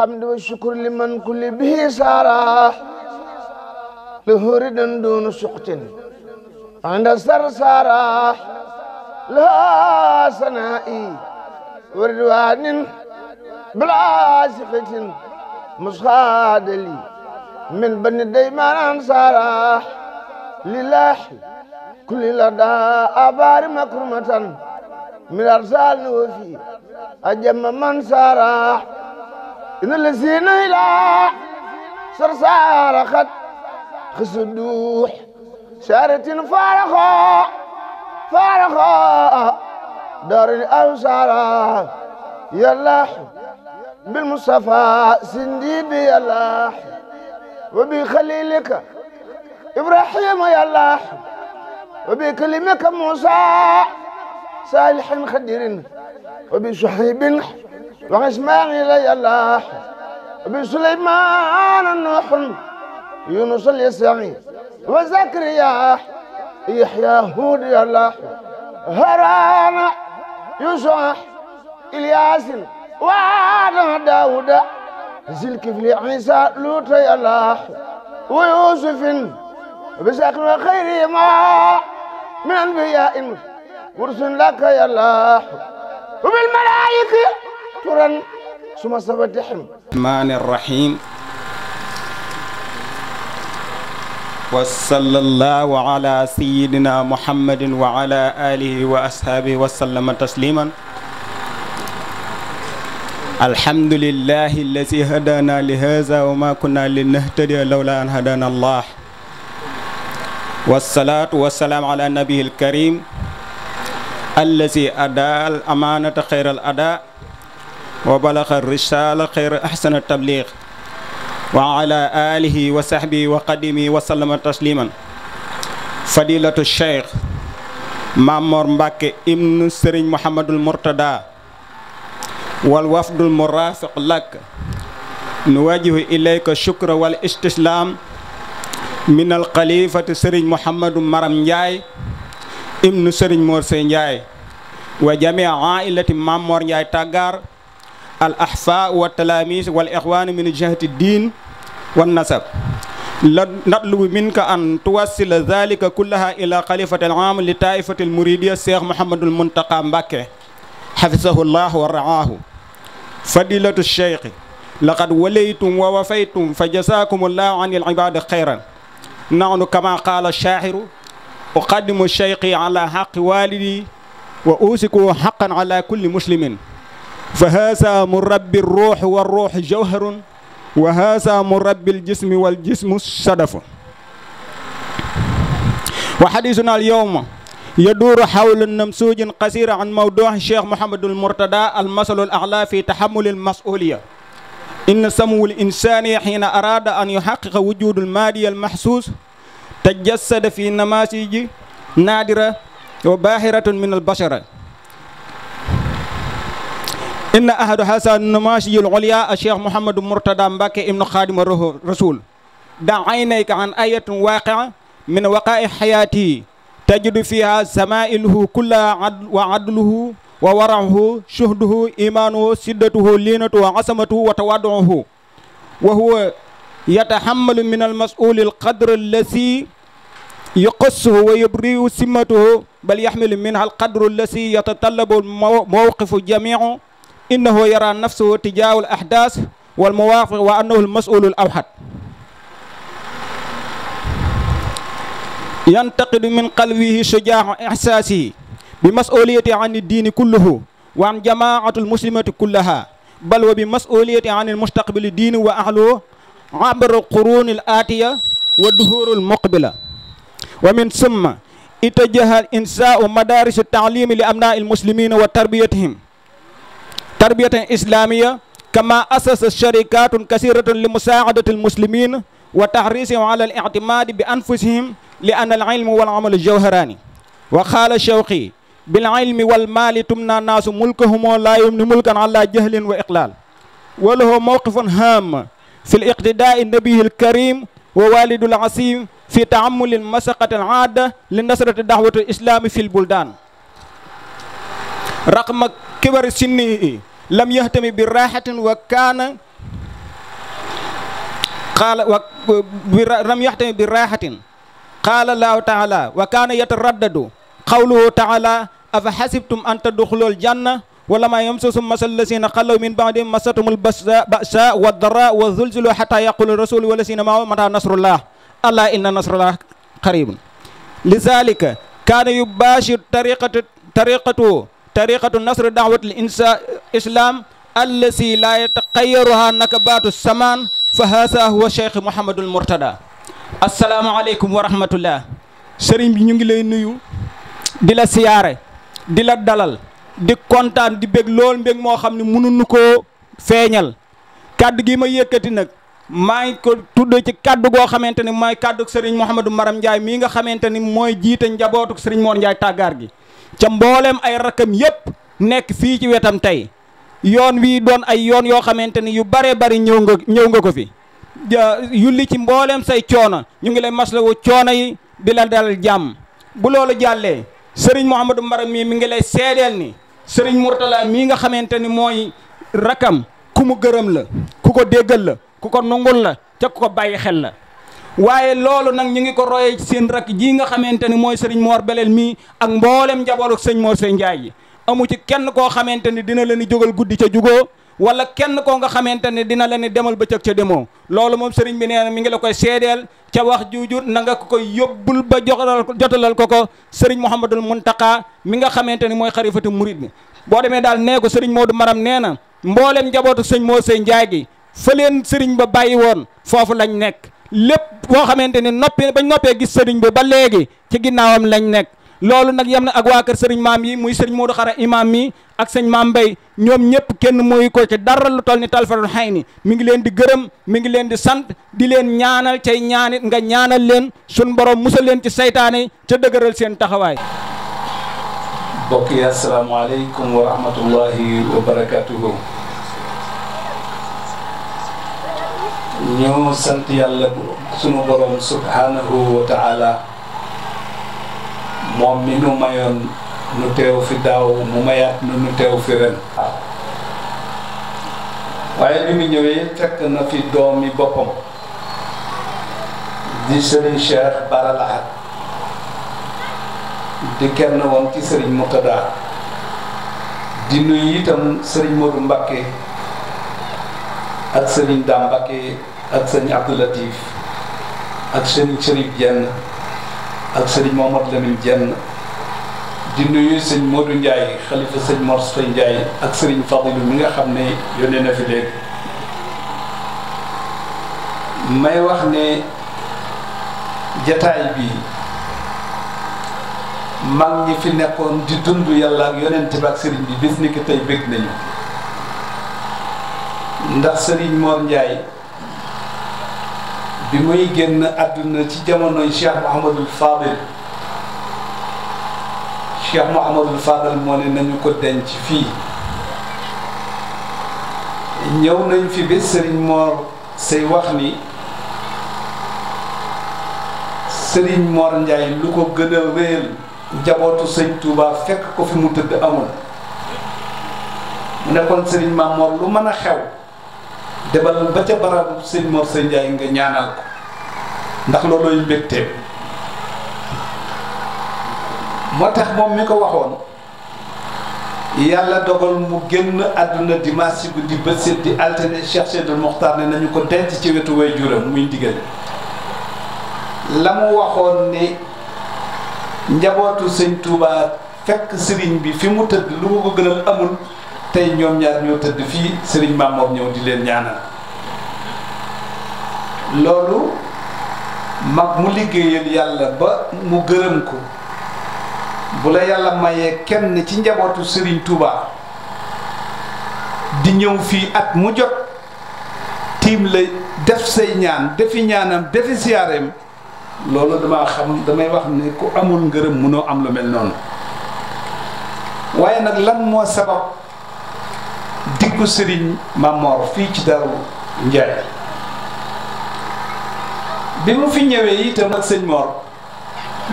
الحمد والشكر لمن كل به سارح له ردن دون سقط عند السرسارح لا سنائي وردوان بلا صفة مصاد لي من بني ديمان انصارح لله كل لدى أبار مكرمة من أرسال نوفي أجم من سارح إن الذين إلى صرصار خد خسدوح شارت فارغة فارغة دار الأوسارة يلاح بالمصطفى سندي بيلاح وبخليلك إبراهيم يلاح وبكلمك موسى صالح خدير وبشحيب وإسماعيل يلاح بسليمان نوح يونس اليسعي وزكريا يحيى هود الله هران يوسف إلياس وآدم داود ذي الكفل عيسى لوط الله ويوسف بشكل خير ما من أنبياء ورسل لك الله وبالملائكة تران سما سبا دحم الرحمن الرحيم وصلى الله على سيدنا محمد وعلى آله وأصحابه وسلم تسليما الحمد لله الذي هدانا لهذا وما كنا لنهتدي لولا أن هدانا الله والصلاة والسلام على النبي الكريم الذي أدى الأمانة خير الأداء وبلغ الرسالة خير أحسن التبليغ وعلى آله وصحبه وقدمه وسلم تسليما فضيلة الشيخ مامور مباك ابن سرين محمد المرتدى والوفد المرافق لك نوجه إليك الشكر والاستسلام من الخليفة سرين محمد مرم جاي ابن سرين مرسين جاي وجميع عائلة مامور جاي تاغار الأحفاء والتلاميذ والإخوان من جهة الدين والنسب نطلب منك أن توصل ذلك كلها إلى خليفة العام لطائفة المريدية الشيخ محمد المنتقى مبكي حفظه الله ورعاه فضيلة الشيخ لقد وليتم ووفيتم فجزاكم الله عن العباد خيرا نحن كما قال الشاعر أقدم الشيخ على حق والدي وأوسك حقا على كل مسلم فهذا مربي الروح والروح جوهر وهذا مربي الجسم والجسم الشدف وحديثنا اليوم يدور حول النمسوج قصير عن موضوع الشيخ محمد المرتدى المثل الأعلى في تحمل المسؤولية إن سمو الإنسان حين أراد أن يحقق وجود المادي المحسوس تجسد في نماذج نادرة وباهرة من البشر إن أحد حسن النماشي العليا الشيخ محمد مرتضى مبكى ابن خادم الرسول دع عينيك عن آية واقعة من وقائع حياتي تجد فيها سمائله كلها وعدله وورعه شهده إيمانه سدته لينته عصمته وتواضعه وهو يتحمل من المسؤول القدر الذي يقصه ويبرئ سمته بل يحمل منها القدر الذي يتطلب موقف جميعه إنه يرى نفسه تجاه الأحداث والمواقف وأنه المسؤول الأوحد ينتقد من قلبه شجاع إحساسه بمسؤولية عن الدين كله وعن جماعة المسلمة كلها بل وبمسؤولية عن المستقبل الدين وأهله عبر القرون الآتية والدهور المقبلة ومن ثم اتجه الإنساء مدارس التعليم لأبناء المسلمين وتربيتهم تربية إسلامية كما أسس الشركات كثيرة لمساعدة المسلمين وتحريصهم على الاعتماد بأنفسهم لأن العلم والعمل الجوهراني وقال الشوقي بالعلم والمال تمنى الناس ملكهم ولا يمن ملكا على جهل وإقلال وله موقف هام في الاقتداء النبي الكريم ووالد العصيم في تعمل المسقة العادة لنصرة دعوة الإسلام في البلدان رقم كبر سنه لم يهتم براحة وكان قال و... لم يهتم براحة قال الله تعالى وكان يتردد قوله تعالى أفحسبتم أن تدخلوا الجنة ولما يمسسهم مثل الذين قالوا من بعدهم مستهم البأساء والضراء والزلزل حتى يقول الرسول والذين معه متى نصر الله ألا إن نصر الله قريب لذلك كان يباشر طريقة طريقته طريقة النصر دعوة الإسلام التي لا يتقيرها نكبات السمان فهذا هو الشيخ محمد المرتدى السلام عليكم ورحمة الله سريم بنيونج لي نيو دي لا سيارة دي لا دلال دي كونتان دي بيك لول بيك مو خامني مونو نوكو فينال كاد جي ما ييكاتي نك ماي كو تودو سي كاد غو خامتاني ماي كاد سريم محمد مرام جاي ميغا خامتاني موي جيتا نجابوتو سريم مور جاي تاغار ca mbooleem ay rakkam yépp nekk fii ci wetam tey yoon wii doon ay yoon yoo xamante ni yu bare bari ñëw nga ñëw nga ko fi yulli ci mbooleem say coono ñu ngi lay maslawu coono yi di la dal jàmm bu loolu jàllee sëriñ Mouhamadou Mbaram mii mi ngi lay seedeel ni sëriñ Mourtala mii nga xamante ni mooy rakkam ku mu gërëm la ku ko déggal la ku ko nungul la ca ku ko bàyyi xel la waaye loolu nag ñu ngi ko royee ci seen rakk jii nga xamante ni mooy sëriñ moor Belel mii ak mboolem njaboot sëñ Mor Seye Ndiaye yi amu ci kenn koo xamante ni dina leen jógal guddi ca jugoo wala kenn koo nga xamante ne dina leen demal bëccëg ca demoo loolu moom sëriñ bi nee mi ngi la koy seedeel ca wax juuju na nga ko koy yóbbul ba joxalal jotalal ko ko sëriñ Mouhamadul Muntaka mi nga xamante ni mooy xarifatu murid mi boo demee daal nee ko sëriñ Modou Maram nee na mboolem njabootu sëñ Mor Seye Ndiaye gi fa leen sëriñ ba bàyyi woon foofu lañ nekk lépp boo xamante ni noppi bañ noppee gis sëriñ bi ba léegi ci ginnaawam lañ nekk loolu nag yam na ak waa kër maam yi muy sëriñ Modou Xara imam mi ak sëñ maam Mbay ñoom ñëpp kenn mooy ko ci dara lu toll ni talfatul xay ni mi ngi leen di gërëm mi ngi leen di sant di leen ñaanal cay ñaanit nga ñaanal leen sun borom musal leen ci saytaane ca dëgëral seen taxawaay mbokk yi asalaamaaleykum wa rahmatullahi wa barakatuhu ñu sant yàlla sunu borom subhanahu wa taala moom mi nu mayoon nu teew fi daaw mu mayaat nu nu teew fi ren waaye bi mu ñëwee fekk na fi doomi boppam di sëriñ Cheikh Bara Lahad di kenn woon ci sëriñ Murtada di nuyu itam sëriñ Modou Mbakke ak sëriñ Dame Mbakke ak sëñ Abdou Latif ak sëñ Chérif Dieng ak sëñ Mohamed Lamine Dieng di nuyu sëñ Modou Ndiaye xalifa sëñ Mor Fay Ndiaye ak sëriñ Fadilou mi nga xam ne yónnee na fi léegi may wax ne jataay bi mag ñi fi nekkoon di dund yàlla ak yonent bi ak sëriñ bi bis ni ki tey bëgg nañu ndax sëriñ Mor Ndiaye bi muy génn àdduna ci jamonoy Cheikh Mouhamadul Fadil Cheikh Mouhamadul Fadil moo ne nañu ko denc fii ñëw nañ fi bi sëriñ Mor say wax ni sëriñ Mor Ndiaye lu ko gën a wéyal jabootu sëñ Touba fekk ko fi mu tëdd amul mu nekkoon sëriñ Maam lu mën a xew demal ba ca barabu sëñ Mor Sëñ nga ñaanal ko ndax loolooy mbégteem moo tax moom mi ko waxoon yàlla dogal mu génn àdduna dimanche si guddi bët set di altine Cheikh Seydou Mokhtar ne nañu ko denc ci wetu way juram muy ndigal la mu waxoon ne njabootu sëñ Touba fekk sëriñ bi fi mu tëdd lu mu ko gënal amul tey ñoom ñaar ñoo tëdd fii sëriñ maam moom ñëw di leen ñaanal loolu mag mu liggéeyal yàlla ba mu gërëm ko bu la yàlla mayee kenn ci njabootu sëriñ Touba di ñëw fii at mu jot tiim la def say ñaan defi ñaanam defi siyaareem loolu damaa xam damay wax ne ku amul ngërëm mënoo am lu mel noonu waaye nag lan moo sabab diggu sëriñ Mamor fii ci Daaru Njaay bi mu fi ñëwee itam ak sëñ Mor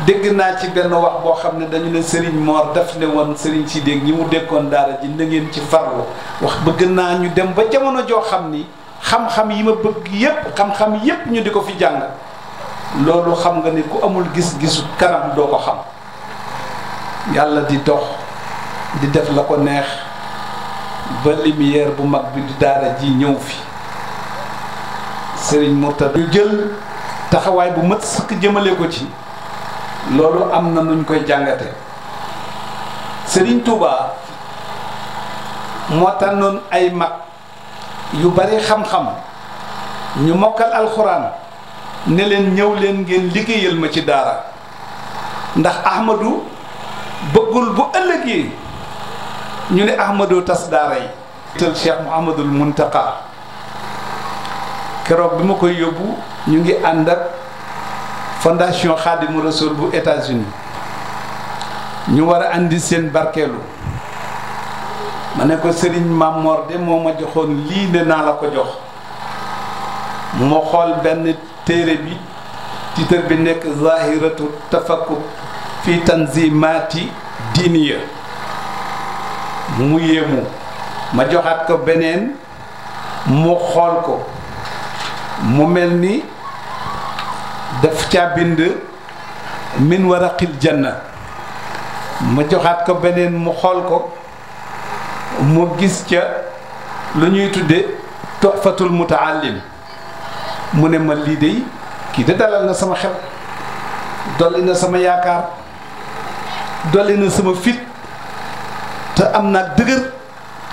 dégg naa ci benn wax boo xam ne dañu ne sëriñ Mor daf ne woon sëriñ si dégg ñi mu dékkoon daara ji na ci farlu wax bëgg naa ñu dem ba jamono joo xam ni xam-xam yi ma bëgg yépp xam-xam yépp ñu di ko fi jàng loolu xam nga ni ku amul gis-gisu kanam doo ko xam yàlla di dox di def la ko neex ba lumière bu mag bi di daara ji ñëw fi sëriñ Mourtada ñu jël taxawaay bu mat sëkk jëmale ko ci loolu am na nuñ koy jàngate Serigne tuuba moo tànnoon ay mag yu bari xam-xam ñu mokkal alxuraan ne leen ñëw leen ngeen liggéeyal ma ci daara ndax Ahmadu bëggul bu ëllëg yi ñu ne ahmadoo tas daara yi tël cheikh mouhamadul muntaka keroog bi ma koy yóbbu ñu ngi ànd ak fondation xaadimu rasul bu États-Unis ñu war a indi seen barkeelu ma ne ko sëriñ Mamor de moo ma joxoon lii ne naa la ko jox mu ma xool benn téere bi ci tër bi nekk zahiratu tafakkur fi tanzimaati diiniya mu yéemu ma joxaat ko beneen mu xool ko mu mel ni daf caa bind min waraqil na ma joxaat ko beneen mu xool ko mu gis ca lu ñuy tudde toxfatul mutaallim mu ne ma lii de kii de dalal na sama xel dolli na sama yaakaar dolli na sama fit te am naa dëgër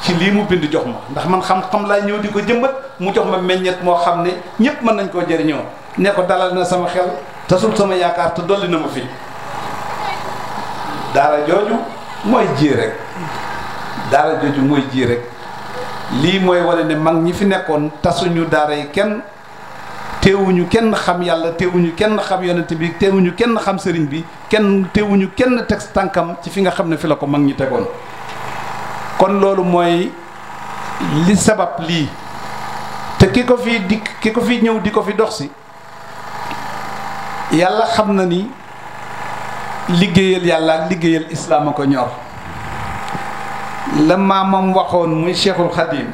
ci lii mu bind jox ma ndax man xam-xam laa ñëw di ko jëmbat mu jox ma meññet moo xam ne ñëpp mën nañ koo jëriñoo ne ko dalal na sama xel tasul sama yaakaar te dolli na ma fii daara jooju mooy ji rek daara jooju mooy ji rek lii mooy wane ne mag ñi fi nekkoon tasuñu daara yi kenn teewuñu kenn xam yàlla teewuñu kenn xam yonent bi teewuñu kenn xam sëriñ bi kenn teewuñu kenn teg tànkam ci fi nga xam ne fi la ko mag ñi tegoon kon loolu mooy li sabab lii te ki ko fi di ki ko fi ñëw di ko fi dox si yàlla xam na ni liggéeyal yàlla ak liggéeyal islaam a ko ñor la maamam waxoon muy cheikhul xadim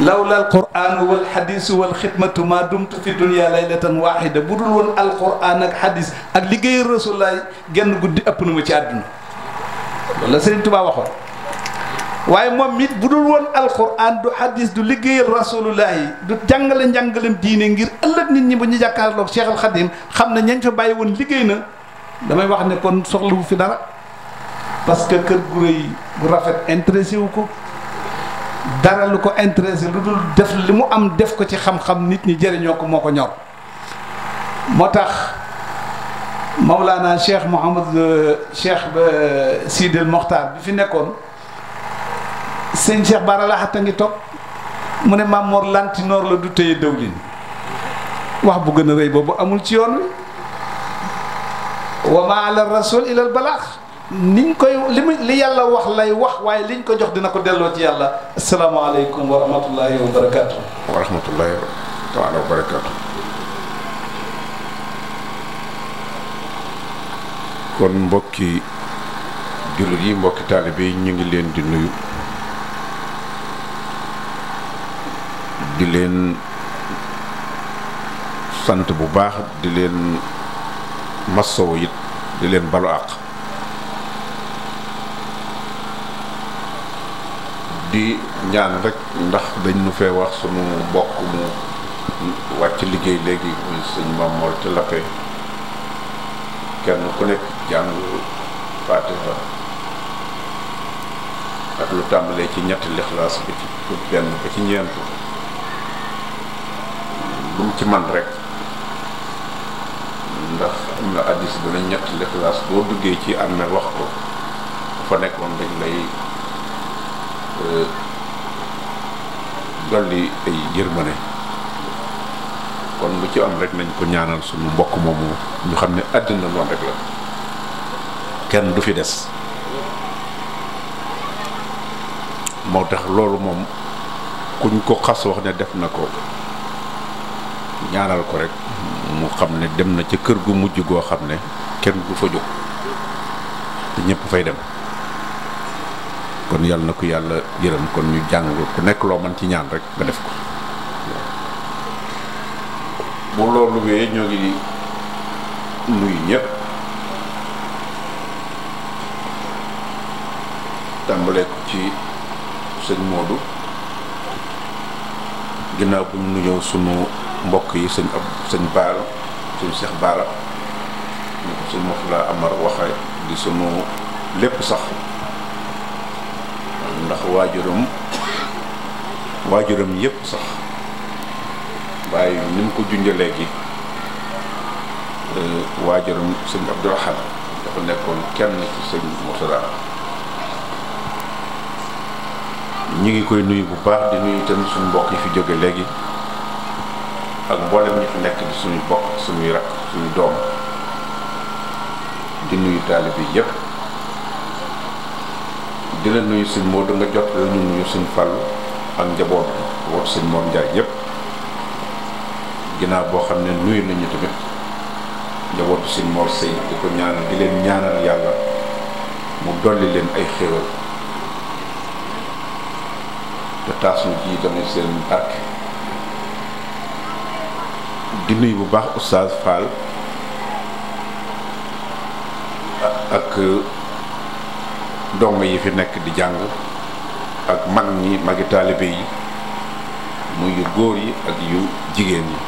lawla alquraan wal xadiis wal xidmatu ma dumtu fi dunya laylatan waaxida bu dul woon alquraan ak xadiis ak liggéeyal rasulaay genn guddi ëpp na ma ci àdduna loolu la Sëriñ Tuubaa waxoon waaye moom it bu dul woon alquran du hadis du liggéeyal rasulullahi du jàngale njàngalem diine ngir ëllëg nit ñi bu ñu jàkkaarloog Cheikh al xam na ñañ fa bàyyi woon liggéey na damay wax ne kon soxlawu fi dara parce que kër gu rëy gu rafet intéressé wu ko dara lu ko intéressé lu dul def li mu am def ko ci xam-xam nit ñi jëriñoo ko moo ko ñor moo tax laa Mawlana Cheikh Mouhamad euh, Cheikh euh, Sidil Mokhtar bi fi nekkoon. sëñ Cheikh Bara Lahata ngi toog mu ne Maam lantinoor la du téye dëwlin wax bu gën a rëy boobu amul ci yoon wi wa ma ala rasul ilal balaax niñ koy li mu li yàlla wax lay wax waaye liñ ko jox dina ko delloo ci yàlla asalaamaaleykum wa rahmatullahi wa barakaatu wa rahmatullahi taala wa barakaatu kon mbokki jullit yi mbokki taalibe yi ñu ngi leen di nuyu di leen sant bu baax di leen masso yit di leen balu àq di ñaan rek ndax dañ nu fee wax sunu mbokk mu wàcc liggéey léegi muy sëñ Mamor ci lappe kenn ku nekk jàng fatiha ak lu tàmbalee ci ñetti lixlaas bi ci benn ba ci ñeent lu mu ci man rek ndax am na addis danañ ñett lixlaas boo duggee ci armeel wax ko fa nekkoon dañ lay euh, dolli ay yërmane kon lu ci am rek nañ ko ñaanal suñu mbokk moomu ñu xam ne àddina noonu rek la kenn du fi des moo tax loolu moom kuñ ko xas wax ne def na ko ñaanal ko rek mu xam ne dem na ca kër gu mujj goo xam ne kenn du fa jóg te ñëpp fay dem kon yàlla na ko yàlla yërëm kon ñu jàng ku nekk loo mën ci ñaan rek nga def ko bu loolu wee ñoo ngi nuyu ñëpp tàmbalee ko ci sëñ Modou ginnaaw bu mu nuyoo sunu mbokk yi sëñ ab sëñ baara sëñ seex baara ñu ko sëñ Murtala Amar waxe di sunu lépp sax ndax waajuram waajuram yépp sax waaye ni mu ko junjee léegi e, waajuram sëñ Abdourahman dafa nekkoon kenn ci sëñ Murtala ñu ngi koy nuyu bu baax di nuyu itam suñu mbokk yi fi jóge léegi ak mboolem ñu fi nekk di suñu bokk suñu rak suñu doom di nuyu talibi yépp di la nuyu suñ moo nga jot la ñu nuyu suñu fall ak njaboot woot suñu mom njaay yépp ginaa boo xam ne nuyu nañu tamit njabootu suñu moor sëy di ko ñaan di leen ñaanal yàlla mu dolli leen ay xéewal te taas ji tamit seen barke di nuyu bu baax oustaz Fall ak dong yi fi nekk di jàng ak mag ñi magi taalibe yi muy yu góor yi ak yu jigéen yi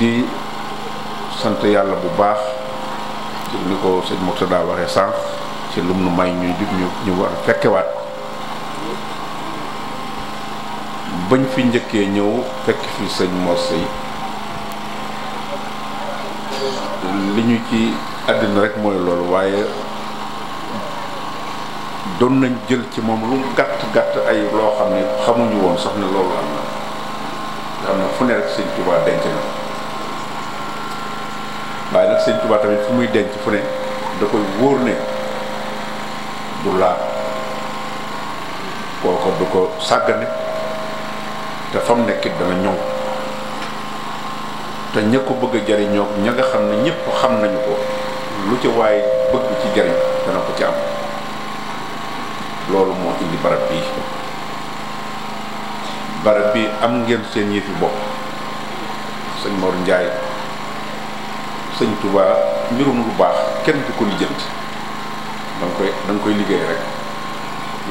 di sant yàlla bu baax ci ni ko sëñ Murtada waxee sànq ci lum nu may ñuy jub ñu ñu war fekkewaat bañ fi njëkkee ñëw fekk fi sëñ Mor Seye li ñu ci àddina rek mooy loolu waaye doon nañ jël ci moom lu gàtt gàtt ay loo xam ne xamuñu woon sax loolu am na nga xam ne fu ne rek sëñ Touba denc na waaye nag sëñ Touba tamit fu muy denc fu ne da koy wóor ne du laal kooku du ko sàggane te fam nekkit dana ñëw te ña ko bëgg a jariñoo ña nga xam ne ñëpp xam nañu ko lu ci waaye bëgg ci jariñ dana ko ci am loolu moo indi barab bii barab bi am ngeen seen yëfi bopp sëñ Mor Njaay sëñ Touba mbirum lu baax kenn du ko lijjanti da koy da koy liggéey rek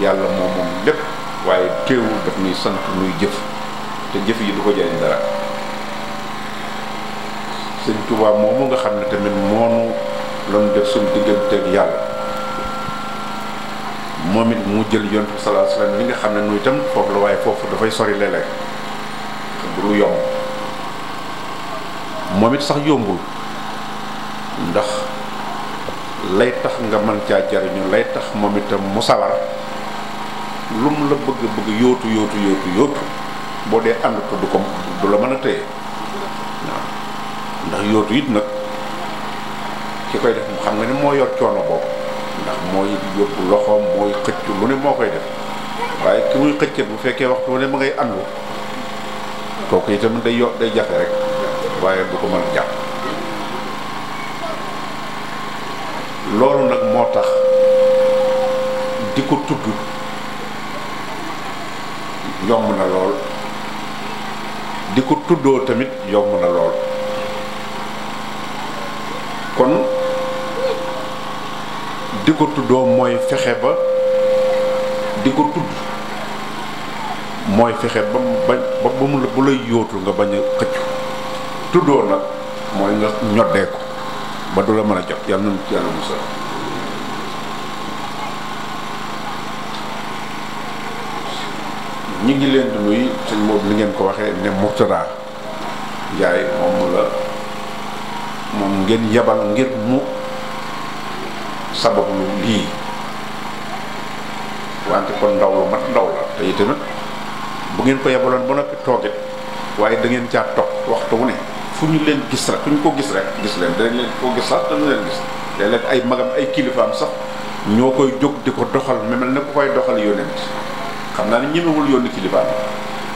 yàlla moom moom lépp waaye teewul daf nuy sant nuy jëf te jëf yi du ko jëriñ dara sëñ Tuubaa moomu nga xam ne tamit moonu loon def suñu digganteeg yàlla moom it mu jël yonent bi sallallahu alayhi li nga xam ne nuy itam foofu la waaye foofu dafay sori léeg-léeg du lu yomb moom it sax yombul ndax lay tax nga mën caa jariñu lay tax moom itam mu sawar lu mu la bëgg bëgg yóotu yóotu yóotu boo dee ànd ko du ko du la mën a téye waaw ndax yootu it nag ki koy def xam nga ni moo yor coono boobu ndax mooy yóbbu loxoom moo koy def waaye ki muy xëcce bu fekkee waxtu wu mu ngay ngay àndu kooku itam day yo day jafe rek waaye du ko mën a jàpp loolu nag moo tax di ko tudd yomb na lool di ko tuddoo tamit yomb na lool kon di ko tuddoo mooy fexe ba di ko tudd mooy fexe ba mu ba ba mu bu lay yóotu nga bañ a xëccu tuddoo nag mooy nga ñoddee ko ba du la mën a jot yàlla na ci yàlla ñu ngi leen di nuyu sëñ Modou li ngeen ko waxee ne Mourtada Ndiaye moom la moom ngeen yabal ngir mu sabablu lii wante kon ndaw lu mat ndaw la te itamit bu ngeen ko yabaloon ba noppi toogit waaye da ngeen caa toog waxtu wu ne fu ñu leen gis rek fu ñu ko gis rek gis leen danañ leen koo gis sax danañ leen gis léeg-léeg ay magam ay kilifaam sax ñoo koy jóg di ko doxal mel na ku koy doxal yonent xam naa ne ñemewul yoon kilifa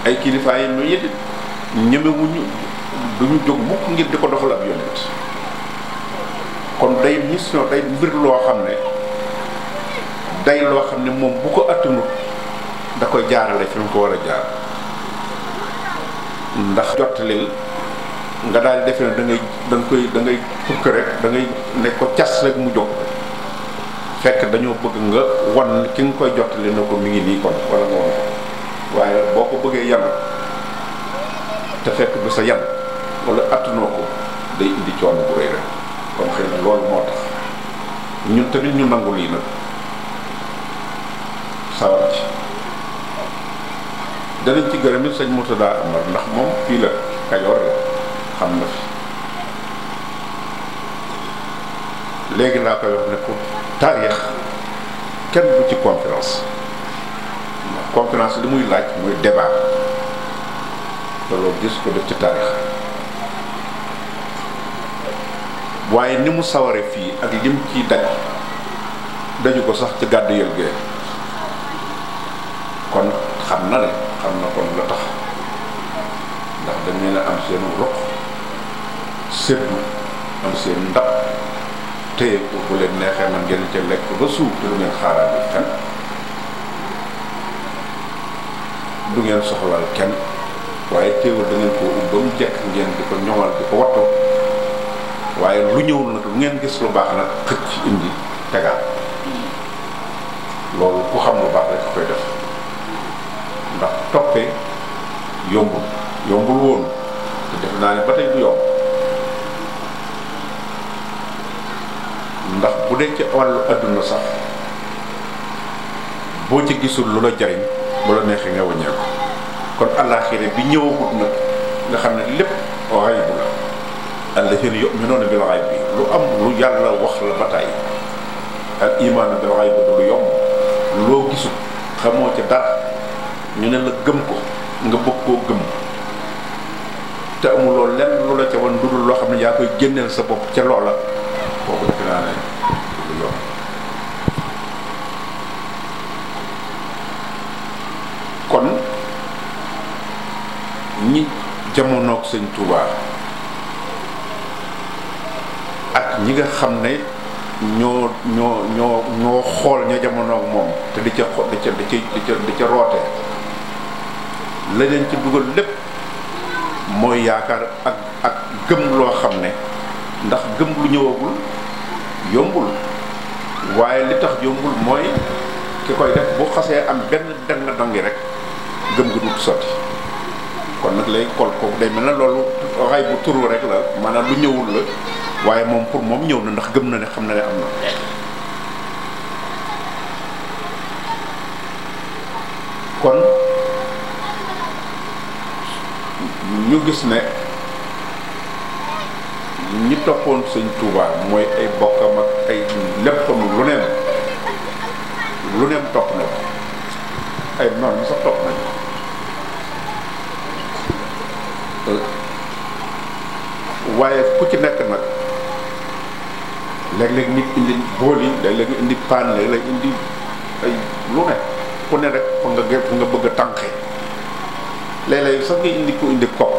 ay kilifa yi ñu yëpp ñemewuñu duñu jóg mukk ngir di ko doxal ab yonent kon day mission day mbir loo xam ne day loo xam ne moom bu ko attanut da koy jaarale fi mu ko war a jaar ndax jottalil nga daal defe ne da ngay da koy da ngay rek dangay ngay ne ko cas rek mu jóg fekk dañoo bëgg nga wan ki nga koy jottali na ko mi ngi nii kon wala nga wan ko waaye boo ko bëggee yan te fekk du sa yan wala attunoo ko day indi coono bu rëy rek kon xëy loolu moo tax ñun tamit ñu nangu lii nag sawar ci danañ ci gërëm it sëñ Murtada Amar ndax moom fii la Kajoor la xam na fi léegi laa koy wax ne ko taarix kenn bu ci conférence conférence li muy laaj mooy débat loolu gis ko def ci taarix waaye ni mu saware fii ak lim ciy daj daju ko sax ci gàddu yël kon xam na ne xam na kon la tax ndax dañu ne am seen ruq séddu am seen ndab téye ko bu leen neexee man ngeen ca lekk ba suuf te du ngeen xaaraat bi kenn du ngeen soxlaal kenn waaye téewul da ngeen ko ub ba mu jekk ngeen di ko ñoŋal di ko wattoo waaye lu ñëwul nag lu ngeen gis lu baax nag xëcc indi tegaat loolu ku xam lu baax rek koy def ndax toppee yombul yombul woon te def naa ne ba tey du yomb dee ci wàllu adduna sax boo ci gisul lu la jariñ bu la neexee nga wàññeeku kon àllaaxira bi ñëwagut nag nga xam ne lépp xayb la am lu yàlla wax la ba tàyyi al imaanu bil lu yomb loo gisul xamoo ca dara ñu ne la gëm ko nga bëgg koo gëm te amuloo lenn lu la ca wan dudul loo xam ne yaa koy génneel sa bopp ca loola kooku defe naa ne kon ñi jamonook sëñ Touba ak ñi nga xam ne ñoo ñoo ñoo ñoo xool ña jamonoog moom te di ca di ca di ca di ca roote la leen ci dugal lépp mooy yaakaar ak ak gëm loo xam ne ndax gëm lu ñëwagul yombul waaye li tax yombul mooy ki koy def bu xasee am benn dang dangi rek gëm nga dugg sotti kon nag lay kol ko day mel na loolu ray bu turu rek la maanaam lu ñëwul waaye moom pour moom ñëw na ndax gëm na ne xam na ne am na kon ñu gis ne ñi toppoon sëñ Touba mooy ay bokkam ak ay léppam lu neem lu neem topp na ay noon waaye ku ci nekk nag léeg-léeg nit indi bool yi léeg-léeg indi paan léeg-léeg indi ay lu ne ku ne rek fa nga nga bëgg a tànqee léeg sax nga indi ko indi kopp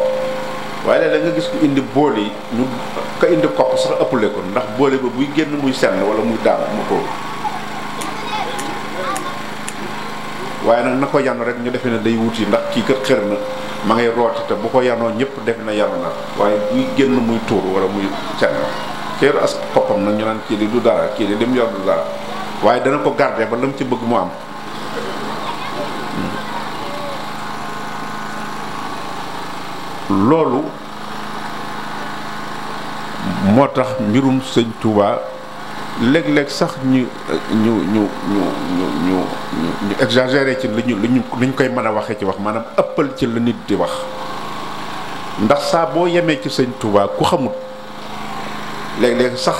waaye léeg gis ku indi bool ñu ka indi kopp sax ëppale ko ndax boole ba buy génn muy senn wala muy daal mu ko waaye nag na ko yanu rek ñu defee na day wuti ndax kii kër xër na ma ngay rooti te bu ko yanoo ñëpp def na yanu na waaye buy génn muy tuur wala muy senn teeru as koppam nag ñu naan kii di du dara kii di dem yor du dara waaye dana ko garder ba mu ci bëgg mu am loolu moo tax mbirum sëñ Touba léeg-léeg sax ñu ñu ñu ñu ñu ñu ñu ci li ñu koy mën a waxee ci wax maanaam ëppal ci la nit di wax ndax saa boo yemee ci sëñ Touba ku xamut léeg-léeg sax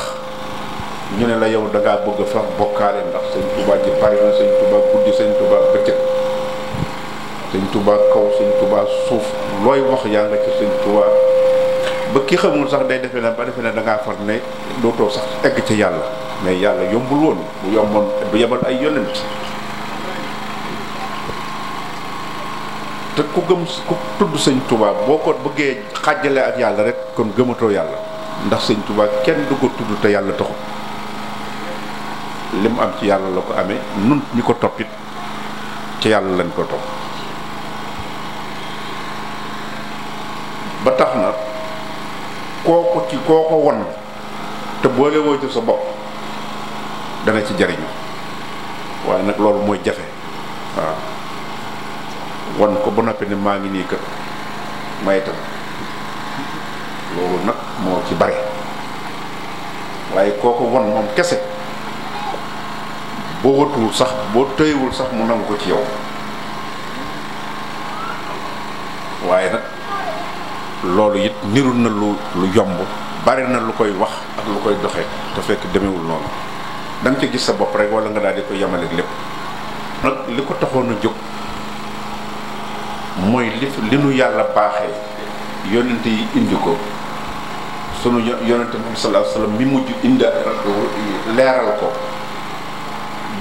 ñu ne la yow dangaa ngaa bëgg fa bokkaale ndax sëñ Touba ji bari na sëñ guddi sëñ Touba bëccëg sëñ tubaa kaw sëñ tubaa suuf looy wax yaa nga ci sëñ tubaa ba ki xamul sax day defe na ba defee ne da ngaa far ne dootoo sax egg ca yàlla mais yàlla yombul woon bu yomboon bu yebal ay yonent te ku gëm ku tudd sëñ tubaa boo ko bëggee xàjjale ak yàlla rek kon gëmatoo yàlla ndax sëñ tubaa kenn du ko tudd te yàlla taxu li mu am ci yàlla la ko amee nun ñi ko toppit ci yàlla lañ ko topp ba tax na koo ko ci koo ko won te boole woo sa bopp dana ci jariñu waaye nag loolu mooy jafe waaw wan ko ba noppi ne maa ngi nii kat may tam loolu nag moo ci bare waaye koo ko won moom kese boo watuwul sax boo tëyiwul sax mu nangu ko ci yow waaye nag loolu it nirul na lu lu yomb bari na lu koy wax ak lu koy doxee te fekk demewul noonu da nga ci gis sa bopp rek wala nga daal di ko yemale lépp nag li ko taxoon a jóg mooy li li nu yàlla baaxee yonent yi indi ko sunu yonent bi sallallahu alayhi wasallam mi mujj indi leeral ko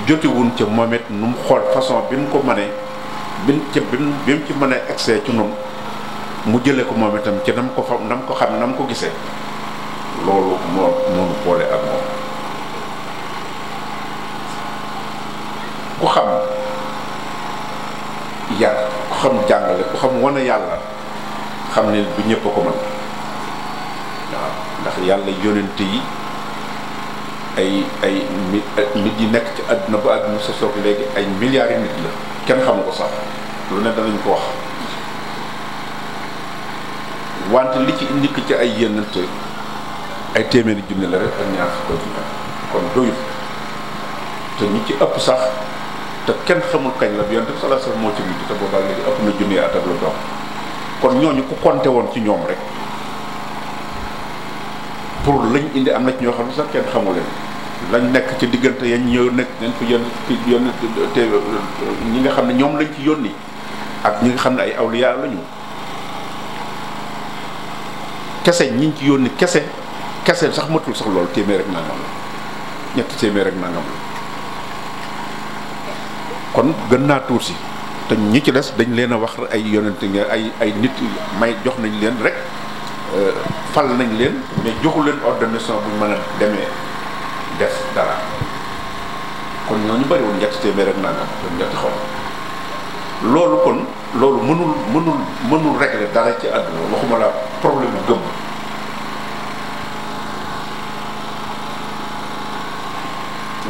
jotewun ca moom it nu mu xool façon bi mu ko mënee bi mu ca bi mu ci mën a ci noonu mu jëlee ko moom itam ci nam ko fa nam ko xam nam ko gisee loolu moo moonu boole ak moom ku xam yar ku xam jàngale ku xam wane yàlla xam ne du ñëpp a ko mën waaw ndax yàlla yónent yi ay ay nit yi nekk ci àdduna ba àdduna sosoo léegi ay milliards nit la kenn xamu ko sax lu ne danañ ko wax wante li ci indi njëkk ci ay yënante ay téeméeri junne la rek ak ñaar fukk junne kon doyul te ñi ci ëpp sax te kenn xamul kañ la bi yonent bi sallallahu moo ci mujj te boobaa léegi ëpp na junne at ak la kon ñooñu ku compté woon ci ñoom rek pour lañ indi am na ci ñoo xam ne sax kenn xamu lañ nekk ci diggante yañ ñëw nekk dañ ko yónni yónni te ñi nga xam ne ñoom lañ ci yónni ak ñi nga xam ne ay awliya lañu kese ñi ñu ci yónni kese kese sax matul sax loolu téeméer ak nangam la ñetti téeméer ak nangam la kon gën naa tuur si te ñi ci des dañ leen a wax ay yonente ay ay nit may jox nañ leen rek euh, fal nañ leen mais joxu leen ordre de mën a demee def dara kon ñooñu bëri woon ñetti téeméer ak nangam xaw loolu kon loolu mënul mënul mënul régler dara ci àdduna waxuma laa problème gëm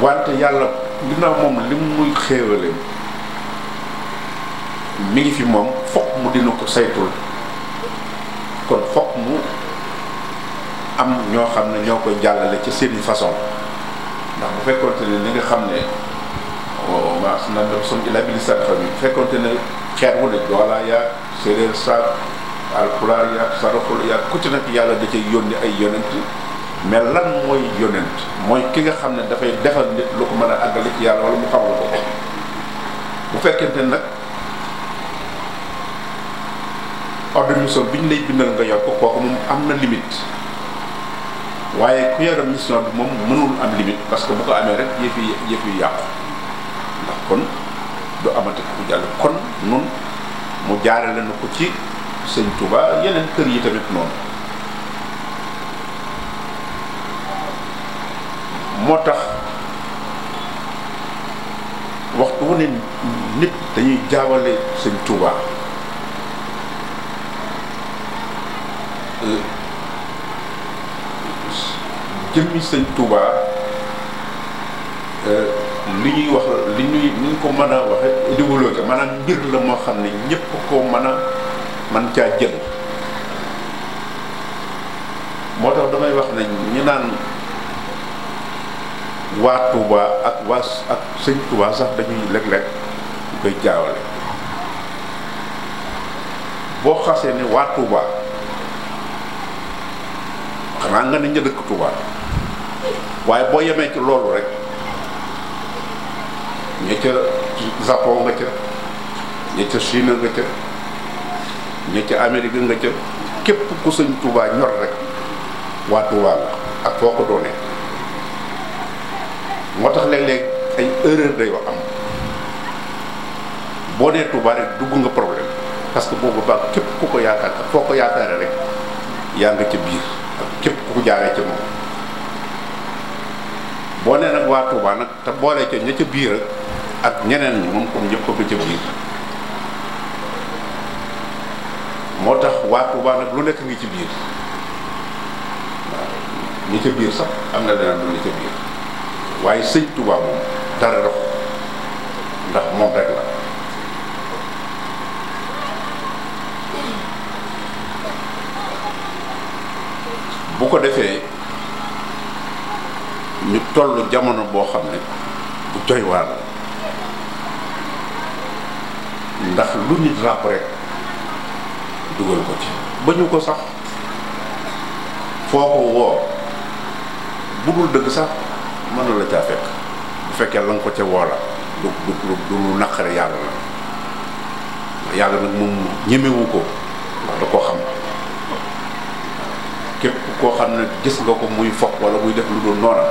wante yàlla ginnaaw moom li muy xéewale mi ngi fi moom fokk mu dina ko saytul kon fokk mu am ñoo xam ne ñoo koy jàllale ci seeni façon ndax bu fekkonte ne li nga xam ne waaw su naan dafa sonn ci laaj bi di sàrfa bi bu ne xeer wu ne joolaa yaa séeréer saak alpulaar yaa saraxul yaa ku ci yàlla da cay yónni ay yonent mais lan mooy yonent mooy ki nga xam ne dafay defal nit lu ko mën a àggale ci yàlla wala mu xamal ko bu fekkente nag ordre mission bi ñu lay bindal nga yor ko am na limite waaye ku yore mission bi moom mënul am limite parce que bu ko amee rek yëf yi yëf yi yàqu ndax kon du amati ku jàll kon nun mu jaare leen ko ci sëñ Touba yeneen kër yi tamit noonu moo tax waxtu wu ne nit dañuy jaawale sëñ jël jëmmi sëñ Tuubaa li ñuy wax li ñuy ni ko mën a waxe idéologie maanaam mbir la moo xam ne ñépp ko mën a man caa jël moo tax damay wax ne ñu naan waa Touba ak waa ak sëñ Touba sax dañuy léeg-léeg ñu koy jaawale boo xasee ne waa Touba xanaa nga ne ña dëkk Touba waaye boo yemee ci loolu rek ña ca Japon nga ca ña ca Chine nga ca ña ca Amérique nga ca képp ku sëñ Touba ñor rek waa Touba la ak foo ko doonee moo tax léeg-léeg ay erreur day wax am boo nee Touba rek dugg nga problème parce que boobu baax képp ku ko yaakaar ak foo ko yaakaare rek yaa nga ca biir ak képp ku ko jaaree ca moom boo nee nag waa Touba nag te boolee ca ña ca biir ak ñeneen ñi moom comme ñëpp ko ca biir moo tax waa Touba nag lu nekk ngi ci biir waaw ñi ca biir sax am na leneen lu ne ca biir waaye sëñ tubaabu moom dara dox ndax moom la bu ko defee ñu tollu jamono boo xam ne bu doy waar la ndax lu nit ràpp rek dugal ko ci ba ñu ko sax foo ko woo bu dul dëgg sax mën na la caa fekk bu fekkee la ko ca woola du du du lu naqare yàlla la yàlla nag moom ñemewu ko ndax da koo xam képp koo xam ne gis nga ko muy foq wala muy def lu dul noona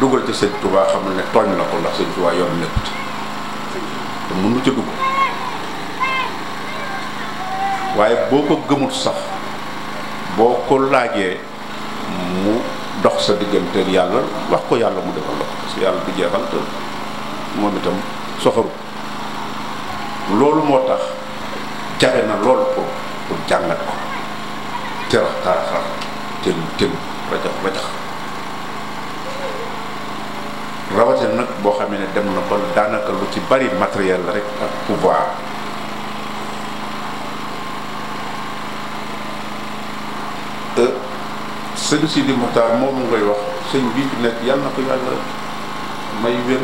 dugal ci sëñ Tuubaa xam ne tooñ na ko ndax sëñ Tuubaa yoon nekkut te mënu ca dugg waaye boo ko gëmul sax boo ko laajee mu dox sa digganteel yàlla wax ko yàlla mu defal la parce que yàlla du jeexal te moom itam soxaru loolu moo tax jafe na lool ko pour jàngat ko terax taaraxar tël tël rajax rajax rawatina nag boo xamee ne dem na ba daanaka lu ci bari matériel la rek ak pouvoir sëñ Sidi Muxtaar mu ngay wax sëñ bii fi nekk yàlla na ko yàlla may wér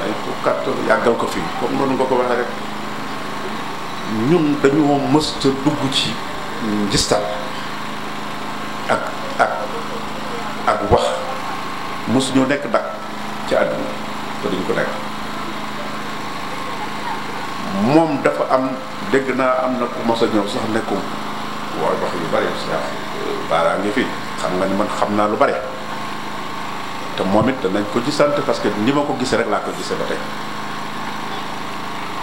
may ko kàttan yàggal ko fi comme noonu nga ko waxee rek ñun dañoo mësta dugg ci ngistal ak ak ak wax mës ñu nekk dak ci àdduna te duñ ko nekk moom dafa am dégg naa am na ku mos a ñëw sax nekkum waaye wax yu bari si baaraa ngi fi xam nga ni man xam naa lu bare te moom it danañ ko ci sant parce que ni ma ko gisee rek laa ko gisee ba tey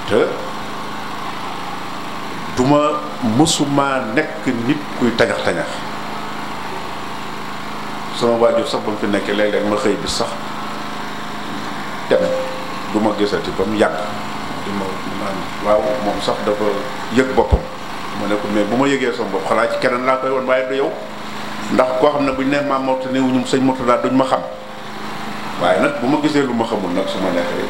te du ma mësuma nekk nit kuy tañax tañax sama waajur sax ba mu fi nekkee léeg-léeg ma xëy bi sax dem du ma gisati ba mu yàgg di ma naan waaw moom sax dafa yëg boppam ma ne ko mais bu ma yëgee sama bopp xanaa ci keneen laa koy woon waaye du yow ndax koo xam ne bu ñu nee maam Mortane wu ñu sëñ Mortane duñ ma xam waaye nag bu ma gisee lu ma xamul nag su ma neexee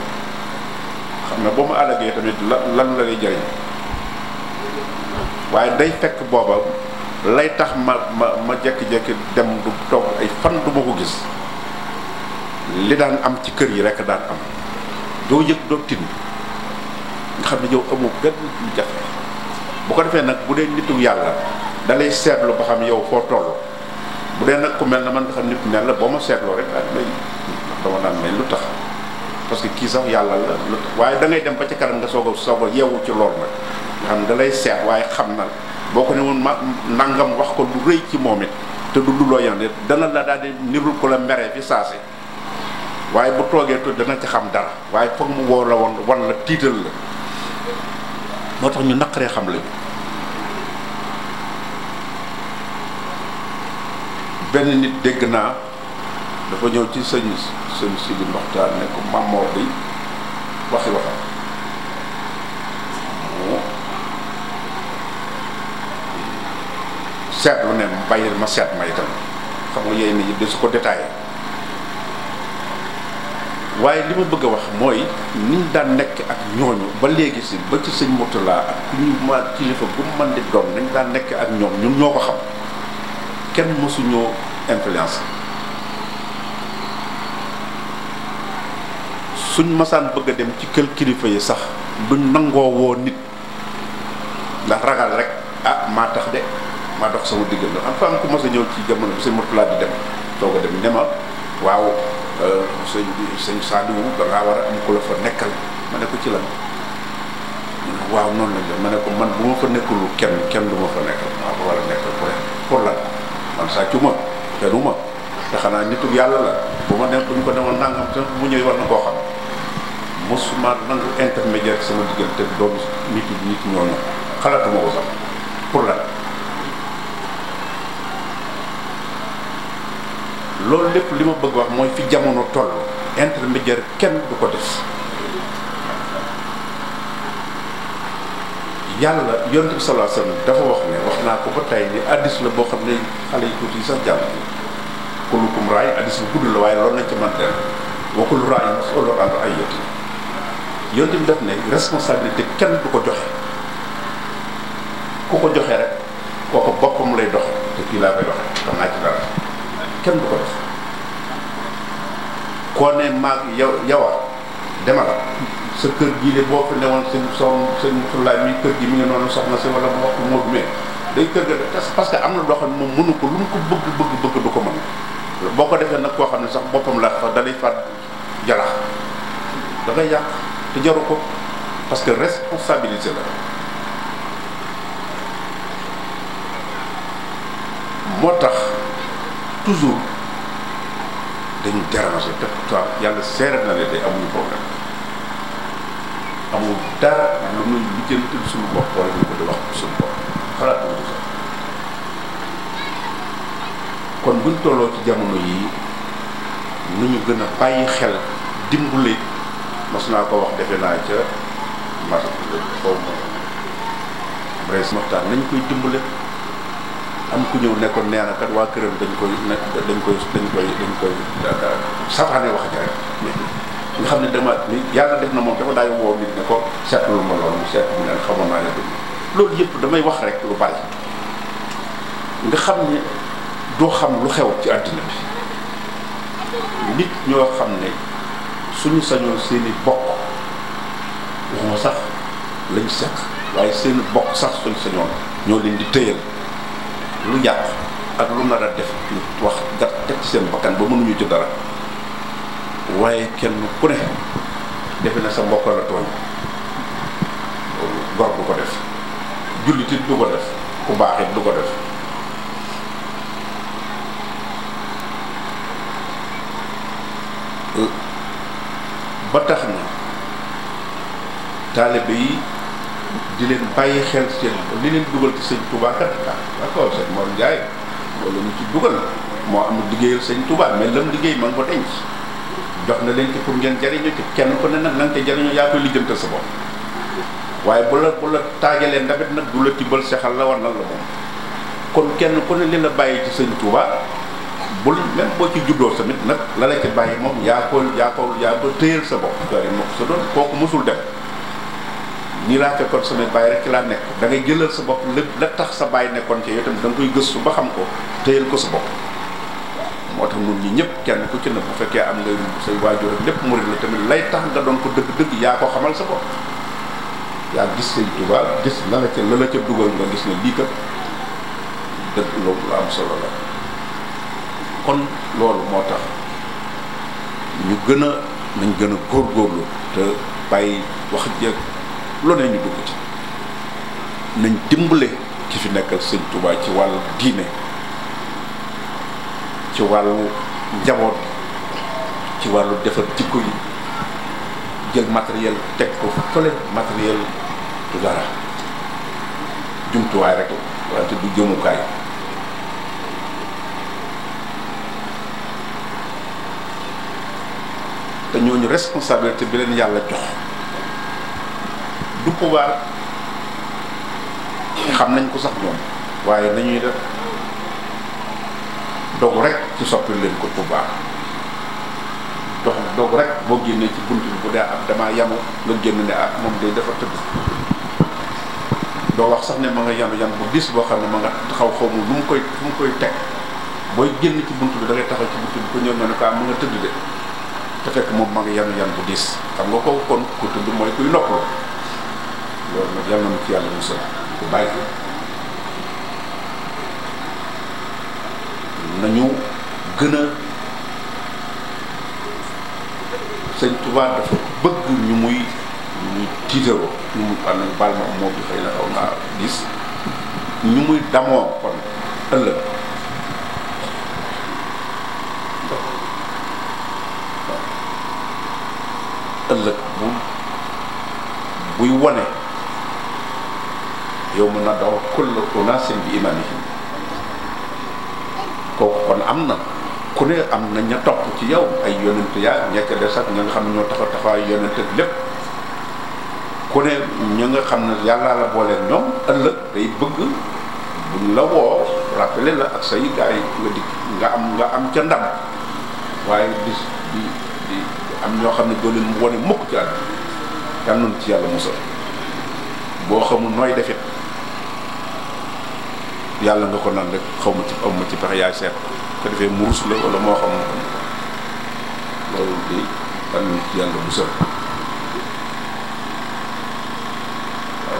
xam ne boo ma àllagee tamit la lan la lay jëriñ waaye day fekk booba lay tax ma ma ma jékki-jékki dem du toog ay fan du ko gis li daan am ci kër yi rek daan am doo yëg doo tin nga xam ne yow amoo benn jafe. bu ko defee nag bu dee nitu yàlla da lay seetlu ba xam yow foo toll bu dee nag ku mel na man nga xam nit mel la boo ma seetloo rek daal lay dama lu tax parce que kii sax yàlla la waaye da dem ba ca kanam nga soog a soog ci lool nag nga xam da lay seet waaye xam na boo ko ne woon ma nangam wax ko lu rëy ci moom it te du du loo yande dana la daal di nirul ko la meree fi si waaye bu toogee tuuti dana ci xam dara waaye foog mu woo la woon wan la tiital la moo tax ñu naqaree xam lañu benn nit dégg naa dafa ñëw ci sëñ sëñ Sidi Moxtaar ne ko Mamor bi waxi waxam mu seetlu ne bàyyil ma seet ma itam xam nga yooyu nit yi de su ko détaillé waaye li ma bëgg a wax mooy niñ daan nekk ak ñooñu ba léegi si ba ci sëñ Mourtala ak ku ñu ma kilifa bu mu mën di doon nañ daan nekk ak ñoom ñun ñoo ko xam kenn mësuñoo influence suñ masaan bëgg a dem ci kël kilifa yi sax duñ nangoo woo nit ndax ragal rek ah maa tax de maa dox sama diggante am fa am ku mas a ñëw ci jamono bi sëñ Mourtala di dem toog a dem ne ma waaw Euh, sëñ bi sëñ Saaliwu dangaa war a am ku la fa nekkal ma ne ko ci lan mu waaw noonu lañ ma ne ko man bu ma fa nekkulul kenn kenn du ma fa nekkal maa ko war a nekkal pour pour lan man sàccu ma te xanaa nitu yàlla la bu ma nekk bu ñu ko demoon nangam te mu ñëw na koo xam mosuma nangu intermédiaire sama diggante doomu nit nit ñooñu xalaatuma ko sax pour lan loolu lépp li ma bëgg wax mooy fi jamono toll intermédiaire kenn du ko def yàlla yonent bi sallallahu alayhi wasallam dafa wax ne wax naa ko ba tey ni addis la boo xam ne xale yi tuuti yi sax jàll kulukum raay addis bu gudd la waaye loolu nañ ci manteel wakul raay solo ànd ay yëti yonent bi ne responsabilité kenn du ko joxe ku ko joxe rek ko boppam lay dox te kii laa koy wax xam naa ci dara kenn du ko def koo ne maag yow yow dema demala sa kër gii de boo fi newoon seen son seen musulaay mi kër gi mi ngi noonu soxna si wala mu wax moo dumee day kër ga parce que am na loo xam ne moom mënu ko lu mu ko bëgg bëgg bëgg du ko mën boo ko defee nag koo xam ne sax boppam laa sax dalay faat jalax da yàq te jaru ko parce que responsabilité la moo tax toujours dañu dérangé te pourtant yàlla seere na ne day amuñu problème amul dara lu muy lijjantal suñu bopp wala ñu ko di wax suñu bopp xalaat bu sax kon buñ tolloo ci jamono yii nu ñu gën a bàyyi xel dimbali mas naa ko wax defe naa ca marché xaw ma nañ koy dimbale am ku ñëw nekkoon nee na kat waa këram dañ koy dañ koy dañ koy dañ koy safaane wax ja rek nga xam ne dama ni yàlla def na moom dafa daay woo nit ne ko seetlu ma loolu mu seet mu leen xamoon naa leen loolu yëpp damay wax rek lu bari nga xam ne doo xam lu xew ci àddina bi nit ñoo xam ne suñu sañoon seeni bokk waxuma sax lañ seq waaye seeni bokk sax suñu sañoon ñoo leen di tëyal lu yàq ak lu nar a def wax gat teg ci seen bakkan ba mënuñu ci dara waaye kenn ku ne defe na sa mbokk la tooñ gor du ko def jullit it du ko def ku baax du ko def ba tax na taalibe yi di leen bàyyi xel seen li leen dugal ci sëñ Touba kat ah d'accord sëñ Mor Ndiaye loolu ci dugal moo am liggéeyal sëñ Touba mais lam liggéey ma ko denc jox na leen ci pour ngeen jariñu ci kenn ko ne nag la nga ca jariñoo yaa koy lijjantal sa bopp waaye bu la bu la taajalee ndabet nag du la tibbal sexal la war na la moom kon kenn ku ne li la bàyyi ci sëñ Touba bul même boo ci juddoo tamit nag la lekk ci bàyyi moom yaa ko yaa ko yaa sa bopp. waaye moom kooku mosul dem. nii laa fekkoon sama baay rek ci laa nekk da ngay jëlal sa bopp lépp la tax sa baay nekkoon ci yow tamit da nga koy gëstu ba xam ko téyal ko sa bopp moo tax ñun ñi ñëpp kenn ku ci ne bu fekkee am ngay say waajur ak lépp murid tamit lay tax nga ko dëgg-dëgg yaa ko xamal sa bopp yaa gis sëñ Tuubaa gis lala la ca la ca dugal nga gis ne lii kat dëgg loolu lu am solo la kon loolu moo tax ñu gën a nañ gën a góorgóorlu te bàyyi wax jeeg lu ne ñu dugg ci nañ dimbale ki fi nekkal sëñ Touba ci wàll diine ci wàllu njaboot ci wàllu defar jikko yi jël matériel teg ko fële matériel du dara jumtuwaay rek la wante du jëmukaay te ñooñu responsabilité bi leen yàlla jox du pouvoir xam nañ ko sax ñoom waaye nañuy def dogu rek ci soppil leen ko pouvoir dox dogu rek boo génnee ci bunt bi bu dee ab damaa yanu nga génn ne ah moom day dafa tëdd doo wax sax ne ma nga yanu yan bu dis boo xam ne ma nga taxaw xaw mu lu mu koy lu mu koy teg booy génn ci bunt bi da ngay taxaw ci bunt bi ko ñëw nga ne ko ah, mu nga tëdd de te fekk moom ma nga yanu yan bu diis xam nga kooku kon ku tëdd mooy kuy noppaloo loolu nag yàlla na ci yàlla musal bu bàyyi nañu gën a sëñ Tuubaa dafa bëgg ñu muy ñu muy ñu muy am baal ma moo bi xëy na xaw naa gis ñu muy damoo kon ëllëg ëllëg bu buy wone yow yawma nad'u kulla unaasin bi imaamihim ko kon am na ku ne am na ña topp ci yow ay yonent yaa ñekk des ak ña nga xam ne ñoo taxaw taxawaayu yonent ak lépp ku ne ña nga xam ne yàllaa la boole ñoom ëllëg day bëgg buñ la woo rappelé la ak say gaay nga dikk nga am nga am ca ndam waaye di di di am ñoo xam ne doo leen wone mukk ci àdduna yàlla noonu ci yàlla musal boo xamul nooy defit yalla nga ko nan rek xawma ci aw ci pexe yaay ko defé mu la wala mo xam di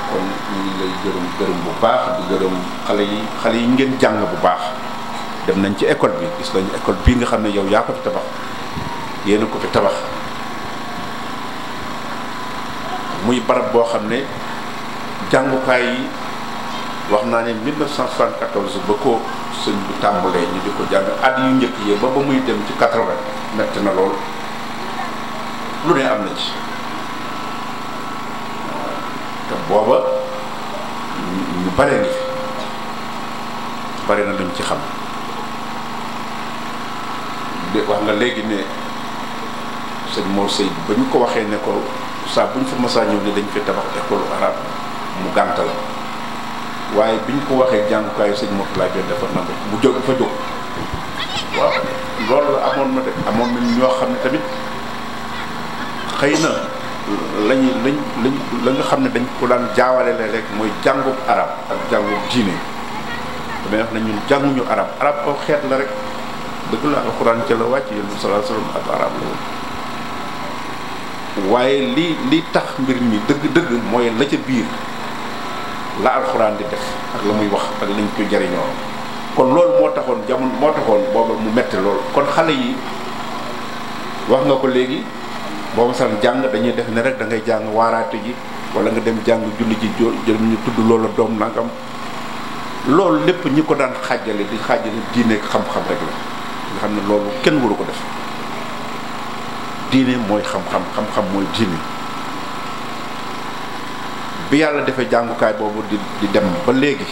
kon ñu lay gërëm gërëm bu baax di gërëm yi yi ngeen jàng bu baax dem nañ ci école bi gis école nga muy barab wax naa ne minn cent 1974 ba ko sëñ bu tàmbalee ñu di ko jàng at yu njëkk yee ba ba muy dem ci 80 metti na lool lu ne am na ci te booba ñu bare ngi bare na luñ ci xam de wax nga léegi ne sëñ Mor bi ba ñu ko waxee ne ko saa buñ ñu fa masaa ñëw ne dañ fi tabax école arabe mu gàntal waaye bi ñu ko waxee jàngukaayu sëñ Mourtala Diop dafa nangu mu jóg fa jóg waaw loolu la amoon na de amoon nañ ñoo xam ne tamit xëy na lañu la nga xam ne dañ ko daan jaawale la rek mooy jàngub arab ak jàngub diine damay wax ne ñun jànguñu arab arab ko xeet la rek dëgg la alxuraan ca la wàcc yéen sallallahu alayhi ak arab la woon waaye li li tax mbir mi dëgg-dëgg mooy la ca biir la alxuraan di def ak la muy wax ak lañ koy jariñoo kon loolu moo taxoon jamono moo taxoon booba mu metti loolu kon xale yi wax nga ko léegi boo ma san jàng dañuy def ne rek da ngay jàng waaraate ji wala nga dem jàng junni ji jo ñu tudd loola doom nangam loolu lépp ñi ko daan xaajale di xaajale diine xam-xam rek la nga xam ne loolu kenn waru ko def diine mooy xam-xam xam-xam mooy diine bi yàlla defee jàngukaay boobu di di dem ba léegi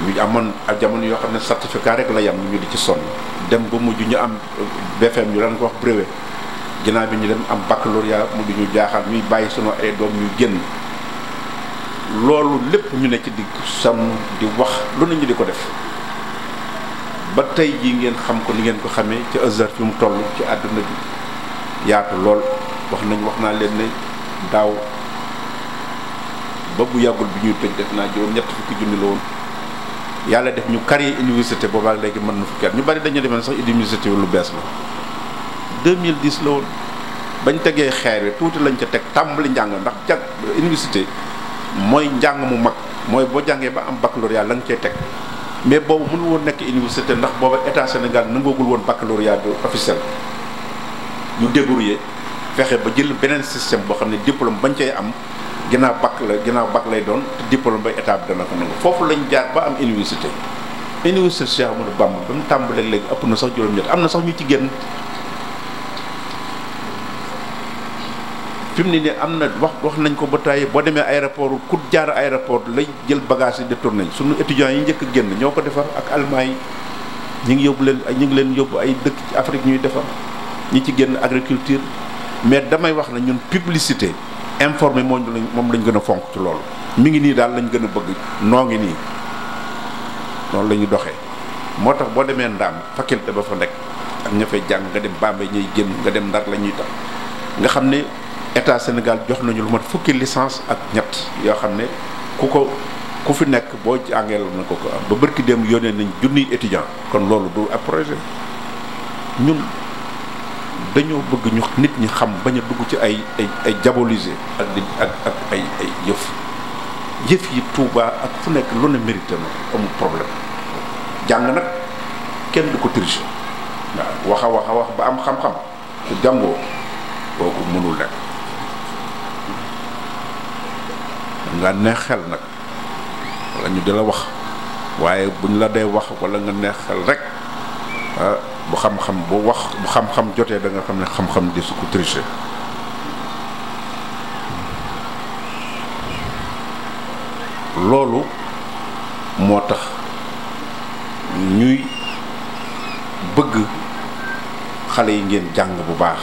ñu amoon ak jamono yoo xam ne certificat rek la yam ñu di ci sonn dem ba mujj ñu am euh, BFM ñu daan ko wax brevet jinaa bi ñu dem am baccalauréat mujj ñu jaaxal ñuy bàyyi sunu ay doom ñuy génn loolu lépp ñu ne ci digg sam di wax lu ñu di ko def ba tey jii ngeen xam ko ni ngeen ko xamee ci Azhar fi mu toll ci àdduna bi yaatu lool wax nañ wax naa leen ne daaw boobu bu yàggul bi ñuy tëj def naa juróom ñett fukki junni la woon yàlla def ñu kari université boobaa léegi mën na fukki at ñu bari dañu defe sax université lu bees la 2010 la woon bañ tegee xeer wi tuuti lañ ca teg tàmbali njàng ndax jàng université mooy njàng mu mag mooy boo jàngee ba am baccalauréat la nga cay teg mais boobu mënu woon nekk université ndax booba état Sénégal nangoogul woon baccalauréat bi officiel ñu débrouillé fexe ba jël beneen système boo xam ne diplôme bañ cay am ginnaaw bakk la ginnaaw bakk lay doon te diplôme ba état bi dana ko nangu foofu lañu jaar ba am université université Cheikh Ahmadou Bamba ba mu tàmbalee léegi ëpp na sax juróom-ñett am na sax ñu ci génn fi mu ne am na wax wax nañ ko ba tey boo demee aéroport ku jaar aéroport lay jël bagage yi détourné suñu étudiants yi njëkk a génn ñoo ko defar ak allemand yi ñu ngi yóbbu leen ñu ngi leen yóbbu ay dëkk ci Afrique ñuy defar ñu ci génn agriculture mais damay wax na ñun publicité. informé moom lañ moom lañ gën a fonk ci loolu mi ngi nii daal lañ gën a bëgg noo ngi nii loolu lañuy doxee moo tax boo demee ndaam faculté ba fa nekk ak ña jàng nga dem Bambey ñuy jën nga dem Ndar lañuy ñuy nga xam ne état Sénégal jox nañu lu mat fukki licence ak ñett yoo xam ne ku ko ku fi nekk boo jàngee na ko ko am ba bërki dem yónnee nañ junniy étudiant kon loolu du ab projet ñun dañoo bëgg ñu nit ñi xam bañ a dugg ci ay ay ay diaboliser ak ay ay yëf yëf yi Touba ak fu nekk lu ne mérité na amul problème jàng nag kenn du ko tricher waaw wax a wax ba am xam-xam ku jàngoo kooku mënul nekk nga neex xel nag wala ñu di la wax waaye buñ la dee wax wala nga neex xel rek ah, bu xam-xam bu wax bu xam-xam jotee da nga xam ne xam-xam di su ko tricher loolu moo tax ñuy bëgg xale yi ngeen jàng bu baax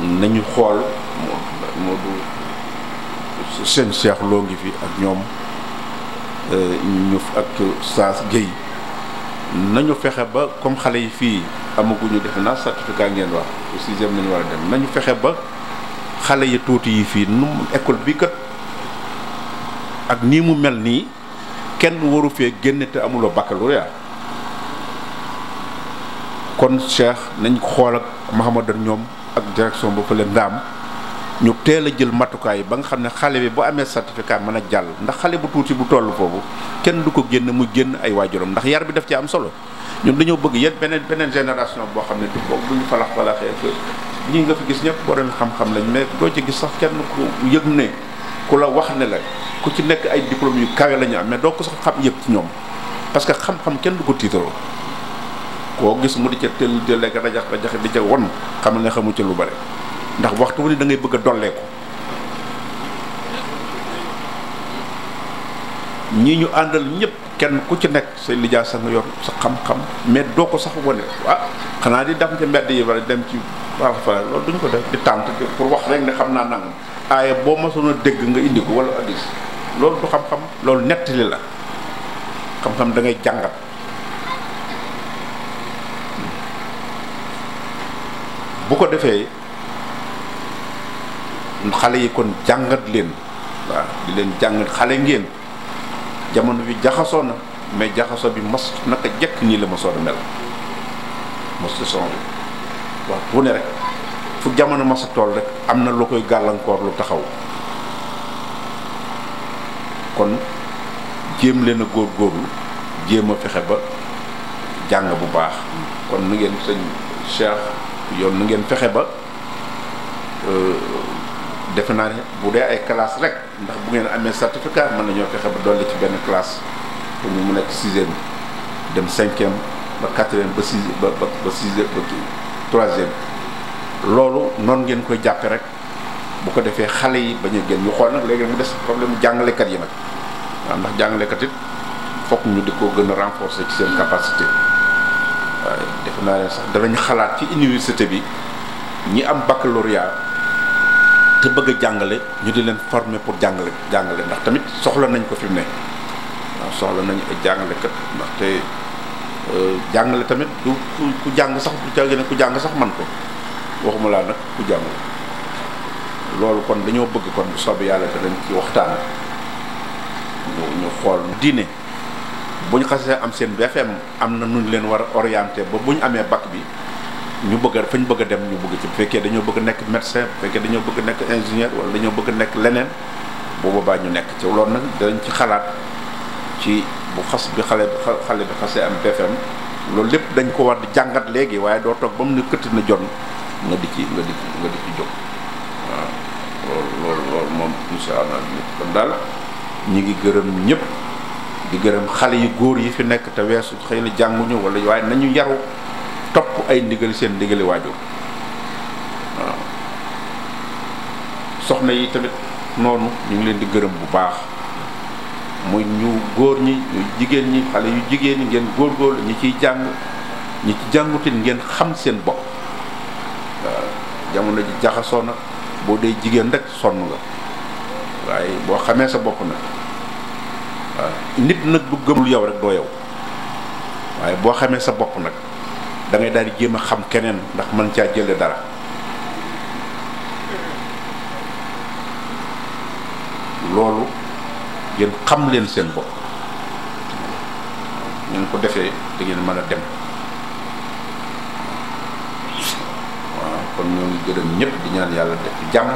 nañu xool moo du seen seex loo ngi fi ak ñoom ñu euh, ak Saas Guèye nañu fexe ba comme xale yi fii amaguñu defe naa certificat ngeen wax au sixième nañu war dem nañu fexe ba xale yi tuuti yi fii nu école bi kat ak nii mu mel nii kenn waru fee génn te amuloo baccalauréat kon Cheikh nañ xool ak Mahamadan ñoom ak direction ba fële ndaam ñu teel a jël matukaay ba nga xam ne xale bi bu amee certificat mën a jàll ndax xale bu tuuti bu toll foofu kenn du ko génn mu génn ay waajuram ndax yar bi daf ci am solo ñun dañoo bëgg yéen beneen beneen génération boo xam ne du ko bu ñu falax falaxee ñii nga fi gis ñëpp borom xam-xam lañ mais doo ci gis sax kenn ku yëg ne ku la wax ne la ku ci nekk ay diplôme yu kawe lañu ñu am mais doo ko sax xam yëg ci ñoom parce que xam-xam kenn du ko tiitaroo koo gis mu di ca teel teel lekk rajax rajax di ca won xamal ne xamu ci lu bare ndax waxtu wu ne da ngay bëgg a dolleeku ñii ñu àndal ñépp kenn ku ci nekk say lijaa sa nga sa xam-xam mais doo ko sax wone ah xanaa di dem ci mbedd yi wala dem ci waaw fa loolu duñ ko def di tànt pour wax rek ne xam naa nangam aaye boo mosoon a dégg nga indi ko wala addis loolu du xam-xam loolu nettali la xam-xam da ngay jàngat bu ko defee xale yi kon jàngat leen waaw di leen jàngat xale ngeen jamono bi jaxasoo na mais jaxasoo bi mas naka jekk nii la masoon a mel mos son bi wax bu ne rek fu jamono mas a tool rek am na lu koy gàllankoor lu taxaw kon jéem leen a góor góorlu jéem a fexe ba jàng bu baax kon nu ngeen sëñ yoon nu ngeen fexe ba euh, defe naa ne bu dee ay classe rek ndax bu ngeen amee certificat mën nañoo fexe ba dolli ci benn classe pour ñu mu nekk sixième dem cinquième ba quatrième ba six ba ba troisième loolu noonu ngeen koy jàppe rek bu ko defee xale yi bañ a génn ñu xool nag léegi mu des problème jàngalekat yi nag waaw ndax jàngalekat it fokk ñu di koo gën a renforcer ci seen capacité waaye defe naa ne sax danañ xalaat ci université bi ñi am baccalauréat te bëgg jàngale ñu di leen former pour jàngale jàngale ndax tamit soxla nañ ko fi mu ne waaw soxla nañ ay jàngalekat ndaxte euh, jàngale tamit du ku jàng sax du jàngale ku jàng sax man ko waxuma laa nag ku jàngale loolu kon dañoo bëgg kon bu soobee yàlla danañ ci waxtaan ñu xool diine buñ ñu xasee am seen BFM am na nu ñu leen war a orienté ba bu amee bac bi ñu bëgg fañ bëgg dem ñu bëgg ci fekkee dañoo bëgg nekk médecin fekkee dañoo bëgg nekk ingénieur wala dañoo bëgg nekk leneen bu boobaa ñu nekk ci loolu nag dañ ci xalaat ci bu xas bi xale xale bi xasee am BFM loolu lépp dañ ko war di jàngat léegi waaye doo toog ba mu ne kët na jon nga di ci nga di ci nga di ci jóg waaw loolu loolu loolu moom incha allah kon daal ñi ngi gërëm ñëpp di gërëm xale yu góor yi fi nekk te weesu xëy na jànguñu wala waaye nañu yaru topp ay ndigal seen ndigali waajur soxna yi tamit noonu ñu ngi leen di gërëm bu baax muy ñu góor ñi ñu jigéen ñi xale yu jigéen ñi ngeen góorgóorlu ñi ciy jàng ñi ci jàngutin ngeen xam seen bopp waaw jamono ji jaxasoo na boo dee jigéen rek sonn nga waaye boo xamee sa bopp nag waaw nit nag bu gëmul yow rek doo yow waaye boo xamee sa bopp nag da ngay daal di jéem a xam keneen ndax man caa jële dara loolu yéen xam leen seen bopp ngeen ko defee dangeen mën a dem waaw kon ñoo ngi gërëm ñépp di ñaan yàlla def jàmm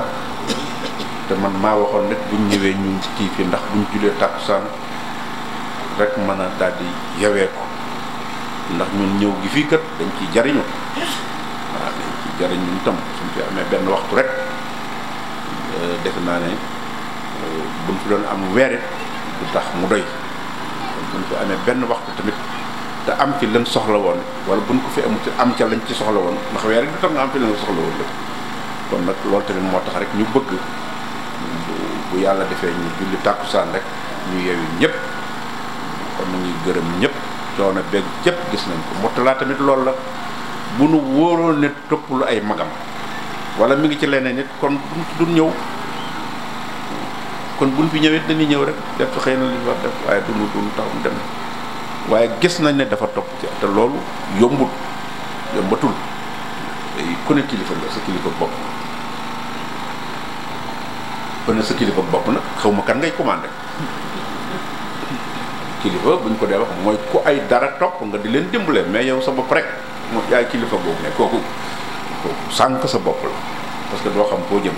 te man maa waxoon nag buñ ñëwee ñu kii fii ndax buñ julee tàkkusaan rek mën a daal di ko ndax ñun ñëw gi fii kat dañ ciy jariñu waaw dañ ciy jariñ ñun tam suñ fi amee benn waxtu rek euh, defe naa ne euh, buñ fi doon am weerit du tax mu doy kon buñ fi amee benn waxtu tamit te am ci lañ soxla woon wala buñ ko fi amut am ca lañ ci soxla woon ndax weerit du tax nga am fi lañ soxla woon lépp kon nag loolu tamit moo tax rek ñu bëgg bu yàlla defee ñu julli tàkkusaan rek ñu yeewu ñëpp kon ñu ngi gërëm ñëpp coono beeg jëpp gis nañ ko mottalaa tamit loolu la bu nu wóoroon ne topp lu ay magam wala mu ngi ci leneen it kon du ñëw kon buñ fi ñëwee dañuy ñëw rek def xëy na li ñu def waaye du nu du nu dem waaye gis nañ ne dafa topp ci te loolu yombut yombatul day ku ne kilifa la bopp ku ne sa kilifa bopp nag xaw ma kan ngay commandé. kilifa buñ ko dee wax mooy ku ay dara topp nga di leen dimbale mais yow sa bopp rek mo yaay kilifa googu ne kooku kooku sànq sa bopp la parce que doo xam koo jëm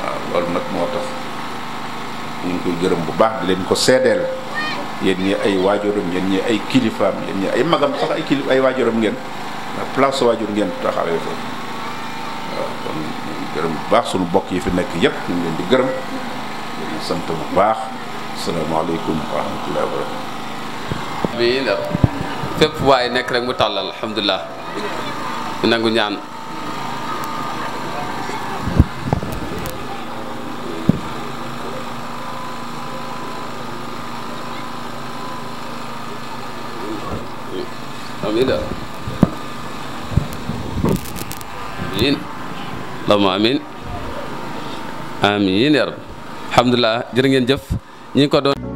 waaw loolu nag moo tax ñu ngi koy gërëm bu baax di leen ko seedeel yéen ñi ay waajuram yéen ñi ay kilifaam yéen ñi ay magam sax ay kilifa ay waajuram ngeen place waajur ngeen taxawé fa kon ñu gërëm bu baax sunu bokk yi fi nekk yépp ñu ngi leen di gërëm sant bu baax السلام عليكم ورحمة الله وبركاته بينا فيب واي نكرة متعلا الحمد لله نعو نعم أمين أمين اللهم أمين أمين يا رب الحمد لله جرين جف ñi ko doon